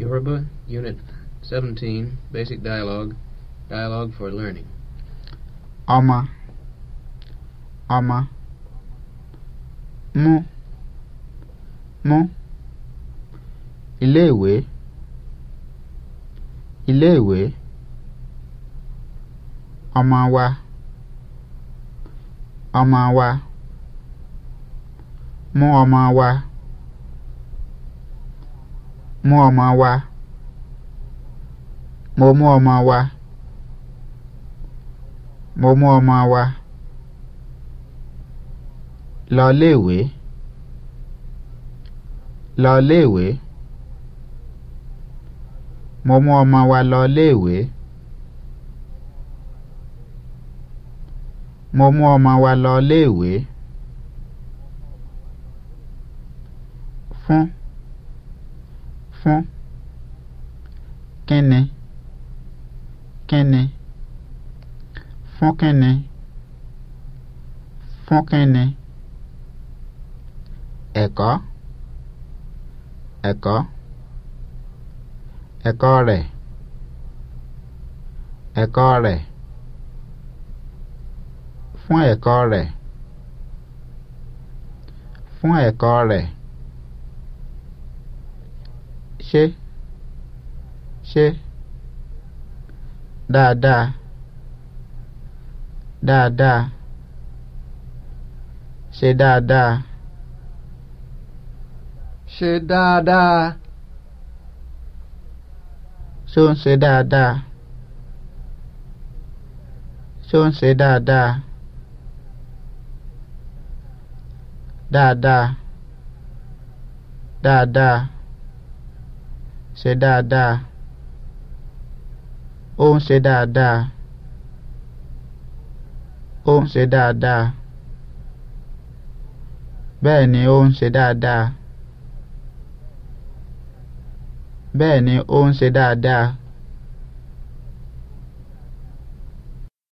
Yoruba, Unit 17, Basic Dialogue, Dialogue for Learning. Ama. Ama. Mu. Mu. Ilewe. Ilewe. Amawa. Amawa. Mo Amawa. wa. mú ọmọ wá mo mú ọmọ wá mo mú ọmọ wá lọ léèwé lọ léèwé mo mú ọmọ wa lọ mo mú ọmọ wa lọ fún fọ́n kẹ́nẹ́ kẹ́nẹ́ fọ́n kẹ́nẹ́ fọ́n kẹ́nẹ́ ẹ̀kọ́ ẹ̀kọ́ ẹ̀kọ́ rẹ̀ ẹ̀kọ́ rẹ̀ fún ẹ̀kọ́ rẹ̀ fún ẹ̀kọ́ rẹ̀ ṣe ṣe dáadáa dáadáa ṣe dáadáa ṣe dáadáa ṣó ń ṣe dáadáa ṣó ń ṣe dáadáa dáadáa dáadáa ṣe dáadáa ó ń ṣe dáadáa ó ń ṣe dáadáa bẹ́ẹ̀ ni ó ń ṣe dáadáa bẹ́ẹ̀ ni ó ń ṣe dáadáa.